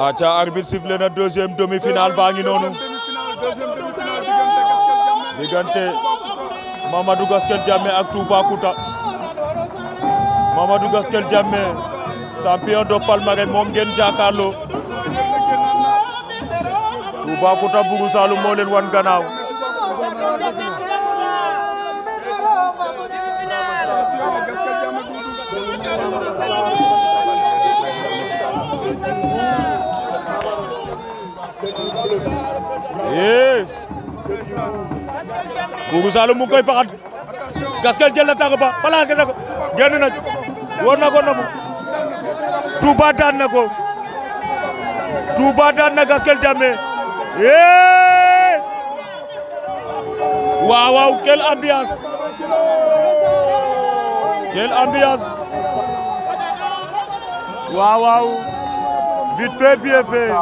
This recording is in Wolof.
aca arbitre sifflé na deuxième demi-finale baa ngi noonu diggante Mamadou Gaskel Diame ak Toubacouta Mamadou Gaskel Diame champion de palmarès moom ngeen jàkkaarloo Toubacouta Bourou Saloum moo wan gannaaw yee Boubou Saloum koy faxat Gaskel jël na tànk ba plaqué na ko génn na war na ko nangu Touba daan na ko Touba daan na Gaskel Jamme yee waaw waaw quelle ambiance quelle ambiance